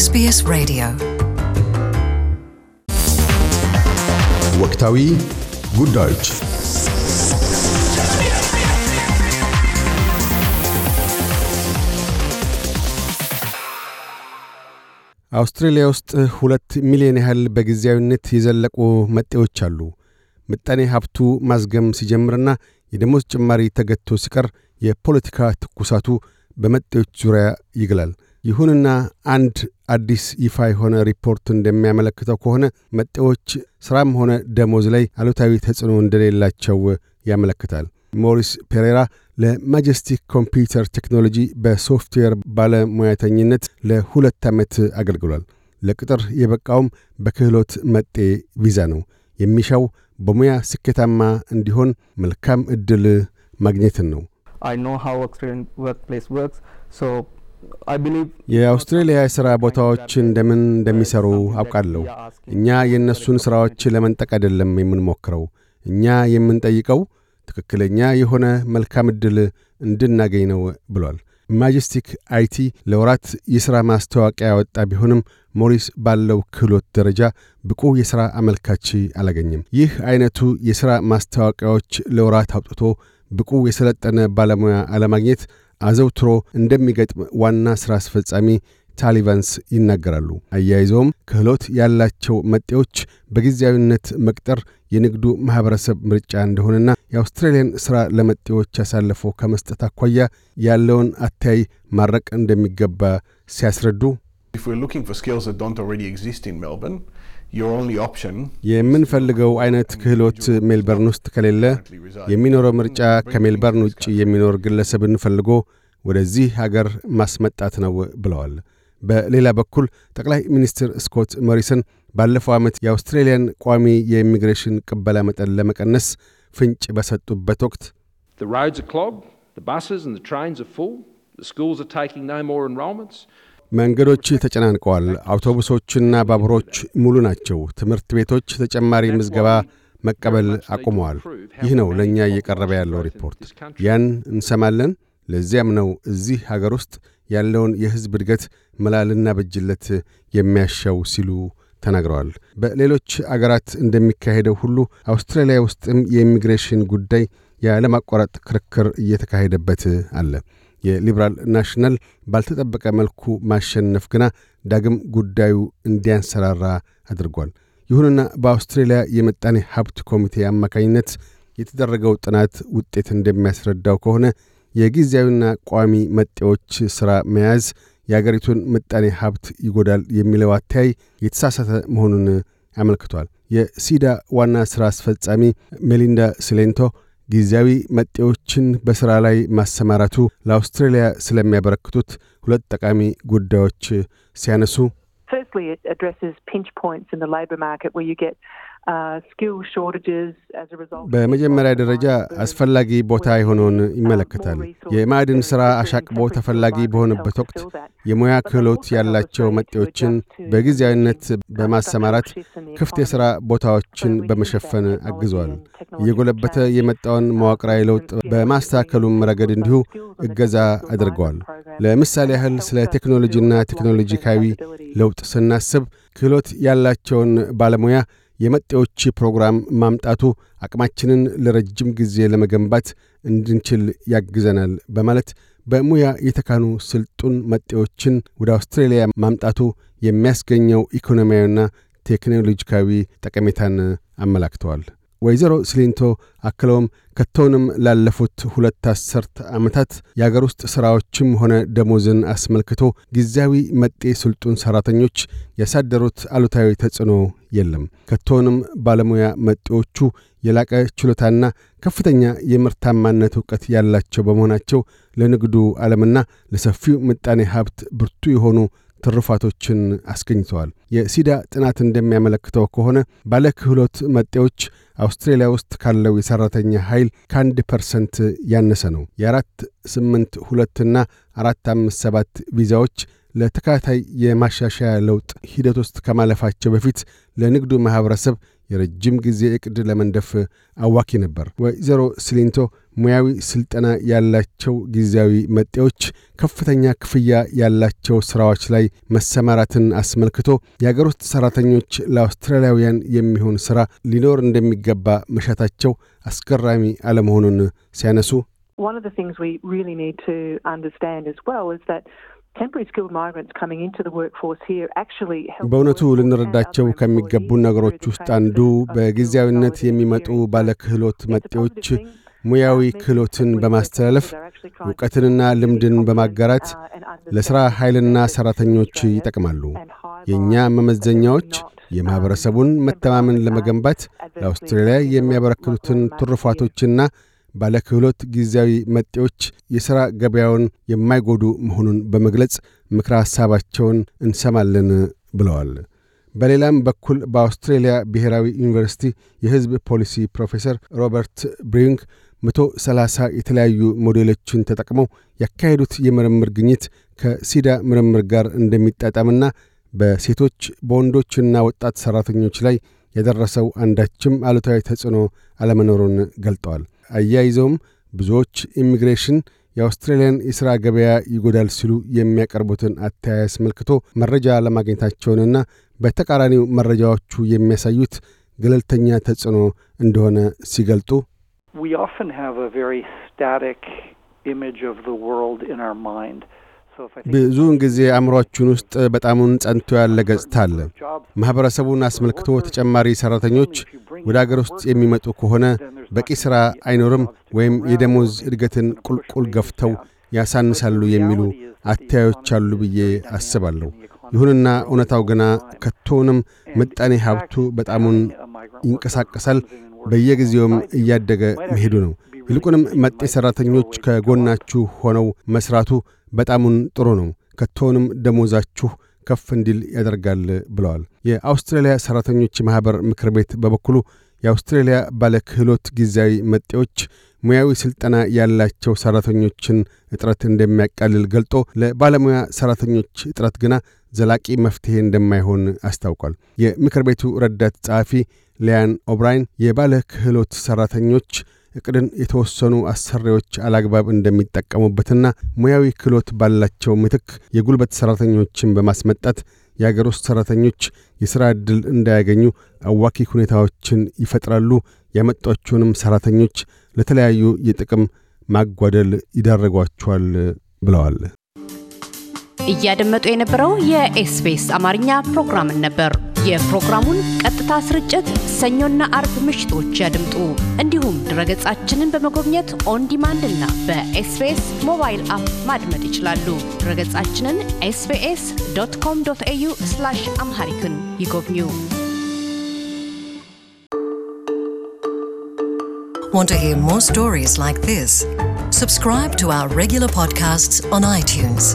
ኤስቢኤስ ሬዲዮ ወቅታዊ ጉዳዮች አውስትሬልያ ውስጥ ሁለት ሚሊዮን ያህል በጊዜያዊነት የዘለቁ መጤዎች አሉ። ምጣኔ ሀብቱ ማዝገም ሲጀምርና የደሞዝ ጭማሪ ተገቶ ሲቀር የፖለቲካ ትኩሳቱ በመጤዎች ዙሪያ ይግላል። ይሁንና አንድ አዲስ ይፋ የሆነ ሪፖርት እንደሚያመለክተው ከሆነ መጤዎች ስራም ሆነ ደሞዝ ላይ አሉታዊ ተጽዕኖ እንደሌላቸው ያመለክታል። ሞሪስ ፔሬራ ለማጀስቲክ ኮምፒውተር ቴክኖሎጂ በሶፍትዌር ባለሙያተኝነት ለሁለት ዓመት አገልግሏል። ለቅጥር የበቃውም በክህሎት መጤ ቪዛ ነው። የሚሻው በሙያ ስኬታማ እንዲሆን መልካም ዕድል ማግኘትን ነው። የአውስትሬልያ የሥራ ቦታዎች እንደምን እንደሚሠሩ አውቃለሁ። እኛ የእነሱን ሥራዎች ለመንጠቅ አይደለም የምንሞክረው። እኛ የምንጠይቀው ትክክለኛ የሆነ መልካም ዕድል እንድናገኝ ነው ብሏል። ማጀስቲክ አይቲ ለወራት የሥራ ማስታወቂያ ያወጣ ቢሆንም ሞሪስ ባለው ክህሎት ደረጃ ብቁ የሥራ አመልካች አላገኘም። ይህ ዐይነቱ የሥራ ማስታወቂያዎች ለወራት አውጥቶ ብቁ የሰለጠነ ባለሙያ አለማግኘት አዘውትሮ እንደሚገጥም ዋና ሥራ አስፈጻሚ ታሊቫንስ ይናገራሉ። አያይዘውም ክህሎት ያላቸው መጤዎች በጊዜያዊነት መቅጠር የንግዱ ማኅበረሰብ ምርጫ እንደሆነና የአውስትራሊያን ሥራ ለመጤዎች አሳልፎ ከመስጠት አኳያ ያለውን አተያይ ማረቅ እንደሚገባ ሲያስረዱ የምንፈልገው አይነት ክህሎት ሜልበርን ውስጥ ከሌለ የሚኖረው ምርጫ ከሜልበርን ውጭ የሚኖር ግለሰብን ፈልጎ ወደዚህ ሀገር ማስመጣት ነው ብለዋል። በሌላ በኩል ጠቅላይ ሚኒስትር ስኮት ሞሪሰን ባለፈው ዓመት የአውስትሬልያን ቋሚ የኢሚግሬሽን ቅበላ መጠን ለመቀነስ ፍንጭ በሰጡበት ወቅት The roads are clogged, the buses and the trains are full, the schools are taking no more enrolments, መንገዶች ተጨናንቀዋል። አውቶቡሶችና ባቡሮች ሙሉ ናቸው። ትምህርት ቤቶች ተጨማሪ ምዝገባ መቀበል አቁመዋል። ይህ ነው ለእኛ እየቀረበ ያለው ሪፖርት። ያን እንሰማለን። ለዚያም ነው እዚህ አገር ውስጥ ያለውን የሕዝብ እድገት መላልና በጅለት የሚያሻው ሲሉ ተናግረዋል። በሌሎች አገራት እንደሚካሄደው ሁሉ አውስትራሊያ ውስጥም የኢሚግሬሽን ጉዳይ ያለማቋረጥ ክርክር እየተካሄደበት አለ። የሊበራል ናሽናል ባልተጠበቀ መልኩ ማሸነፍ ግና ዳግም ጉዳዩ እንዲያንሰራራ አድርጓል። ይሁንና በአውስትሬልያ የመጣኔ ሀብት ኮሚቴ አማካኝነት የተደረገው ጥናት ውጤት እንደሚያስረዳው ከሆነ የጊዜያዊና ቋሚ መጤዎች ሥራ መያዝ የአገሪቱን ምጣኔ ሀብት ይጎዳል የሚለው አተያይ የተሳሳተ መሆኑን አመልክቷል። የሲዳ ዋና ሥራ አስፈጻሚ ሜሊንዳ ሲሌንቶ። ጊዜያዊ መጤዎችን በሥራ ላይ ማሰማራቱ ለአውስትሬልያ ስለሚያበረክቱት ሁለት ጠቃሚ ጉዳዮች ሲያነሱ firstly, it addresses pinch points in the labour market where you get uh, በመጀመሪያ ደረጃ አስፈላጊ ቦታ የሆነውን ይመለከታል። የማዕድን ሥራ አሻቅቦ ተፈላጊ በሆነበት ወቅት የሙያ ክህሎት ያላቸው መጤዎችን በጊዜያዊነት በማሰማራት ክፍት የሥራ ቦታዎችን በመሸፈን አግዟል። እየጎለበተ የመጣውን መዋቅራዊ ለውጥ በማስተካከሉም ረገድ እንዲሁ እገዛ አድርገዋል። ለምሳሌ ያህል ስለ ቴክኖሎጂና ቴክኖሎጂካዊ ለውጥ ስናስብ ክህሎት ያላቸውን ባለሙያ የመጤዎች ፕሮግራም ማምጣቱ አቅማችንን ለረጅም ጊዜ ለመገንባት እንድንችል ያግዘናል በማለት በሙያ የተካኑ ስልጡን መጤዎችን ወደ አውስትራሊያ ማምጣቱ የሚያስገኘው ኢኮኖሚያዊና ቴክኖሎጂካዊ ጠቀሜታን አመላክተዋል። ወይዘሮ ስሊንቶ አክለውም ከቶውንም ላለፉት ሁለት አስርት ዓመታት የአገር ውስጥ ሥራዎችም ሆነ ደሞዝን አስመልክቶ ጊዜያዊ መጤ ስልጡን ሠራተኞች ያሳደሩት አሉታዊ ተጽዕኖ የለም። ከቶውንም ባለሙያ መጤዎቹ የላቀ ችሎታና ከፍተኛ የምርታማነት ዕውቀት ያላቸው በመሆናቸው ለንግዱ ዓለምና ለሰፊው ምጣኔ ሀብት ብርቱ የሆኑ ትሩፋቶችን አስገኝተዋል። የሲዳ ጥናት እንደሚያመለክተው ከሆነ ባለ ክህሎት መጤዎች አውስትሬሊያ ውስጥ ካለው የሠራተኛ ኃይል ከአንድ ፐርሰንት ያነሰ ነው። የአራት ስምንት ሁለትና አራት አምስት ሰባት ቪዛዎች ለተካታይ የማሻሻያ ለውጥ ሂደት ውስጥ ከማለፋቸው በፊት ለንግዱ ማኅበረሰብ የረጅም ጊዜ እቅድ ለመንደፍ አዋኪ ነበር። ወይዘሮ ስሊንቶ ሙያዊ ስልጠና ያላቸው ጊዜያዊ መጤዎች ከፍተኛ ክፍያ ያላቸው ሥራዎች ላይ መሰማራትን አስመልክቶ የአገር ውስጥ ሠራተኞች ለአውስትራሊያውያን የሚሆን ሥራ ሊኖር እንደሚገባ መሻታቸው አስገራሚ አለመሆኑን ሲያነሱ በእውነቱ ልንረዳቸው ከሚገቡ ነገሮች ውስጥ አንዱ በጊዜያዊነት የሚመጡ ባለክህሎት መጤዎች ሙያዊ ክህሎትን በማስተላለፍ እውቀትንና ልምድን በማጋራት uh, ለሥራ ኃይልና ሠራተኞች ይጠቅማሉ። የእኛ መመዘኛዎች um, የማኅበረሰቡን መተማመን ለመገንባት ለአውስትራሊያ የሚያበረክቱትን ትሩፋቶችና ባለክህሎት ጊዜያዊ መጤዎች የሥራ ገበያውን የማይጎዱ መሆኑን በመግለጽ ምክረ ሐሳባቸውን እንሰማለን ብለዋል። በሌላም በኩል በአውስትሬልያ ብሔራዊ ዩኒቨርሲቲ የሕዝብ ፖሊሲ ፕሮፌሰር ሮበርት ብሪንግ መቶ ሰላሳ የተለያዩ ሞዴሎችን ተጠቅመው ያካሄዱት የምርምር ግኝት ከሲዳ ምርምር ጋር እንደሚጣጣምና በሴቶች በወንዶችና ወጣት ሠራተኞች ላይ የደረሰው አንዳችም አሉታዊ ተጽዕኖ አለመኖሩን ገልጠዋል። አያይዘውም ብዙዎች ኢሚግሬሽን የአውስትራሊያን የሥራ ገበያ ይጎዳል ሲሉ የሚያቀርቡትን አተያይ አስመልክቶ መረጃ ለማግኘታቸውንና በተቃራኒው መረጃዎቹ የሚያሳዩት ገለልተኛ ተጽዕኖ እንደሆነ ሲገልጡ ብዙውን ጊዜ አእምሯችን ውስጥ በጣሙን ጸንቶ ያለ ገጽታ አለ። ማኅበረሰቡን አስመልክቶ ተጨማሪ ሠራተኞች ወደ አገር ውስጥ የሚመጡ ከሆነ በቂ ሥራ አይኖርም ወይም የደሞዝ እድገትን ቁልቁል ገፍተው ያሳንሳሉ የሚሉ አተያዮች አሉ ብዬ አስባለሁ። ይሁንና እውነታው ገና ከቶውንም ምጣኔ ሀብቱ በጣሙን ይንቀሳቀሳል፣ በየጊዜውም እያደገ መሄዱ ነው። ይልቁንም መጤ ሠራተኞች ከጎናችሁ ሆነው መሥራቱ በጣሙን ጥሩ ነው። ከቶውንም ደሞዛችሁ ከፍ እንዲል ያደርጋል ብለዋል። የአውስትራሊያ ሠራተኞች ማኅበር ምክር ቤት በበኩሉ የአውስትራሊያ ባለክህሎት ጊዜያዊ መጤዎች ሙያዊ ሥልጠና ያላቸው ሠራተኞችን እጥረት እንደሚያቃልል ገልጦ ለባለሙያ ሠራተኞች እጥረት ግና ዘላቂ መፍትሔ እንደማይሆን አስታውቋል። የምክር ቤቱ ረዳት ጸሐፊ ሊያን ኦብራይን የባለ ክህሎት ሠራተኞች እቅድን የተወሰኑ አሰሪዎች አላግባብ እንደሚጠቀሙበትና ሙያዊ ክህሎት ባላቸው ምትክ የጉልበት ሠራተኞችን በማስመጣት የአገር ውስጥ ሠራተኞች የሥራ ዕድል እንዳያገኙ አዋኪ ሁኔታዎችን ይፈጥራሉ። ያመጧቸውንም ሠራተኞች ለተለያዩ የጥቅም ማጓደል ይዳረጓቸዋል ብለዋል። እያደመጡ የነበረው የኤስቢኤስ አማርኛ ፕሮግራምን ነበር። የፕሮግራሙን ቀጥታ ስርጭት ሰኞና አርብ ምሽቶች ያድምጡ። እንዲሁም ድረገጻችንን በመጎብኘት ኦን ዲማንድ እና በኤስቤስ ሞባይል አፕ ማድመጥ ይችላሉ። ድረገጻችንን ኤስቤስ ዶት ኮም ዶት ኤዩ አምሃሪክን ይጎብኙ። Want to hear more stories like this? Subscribe to our regular podcasts on iTunes.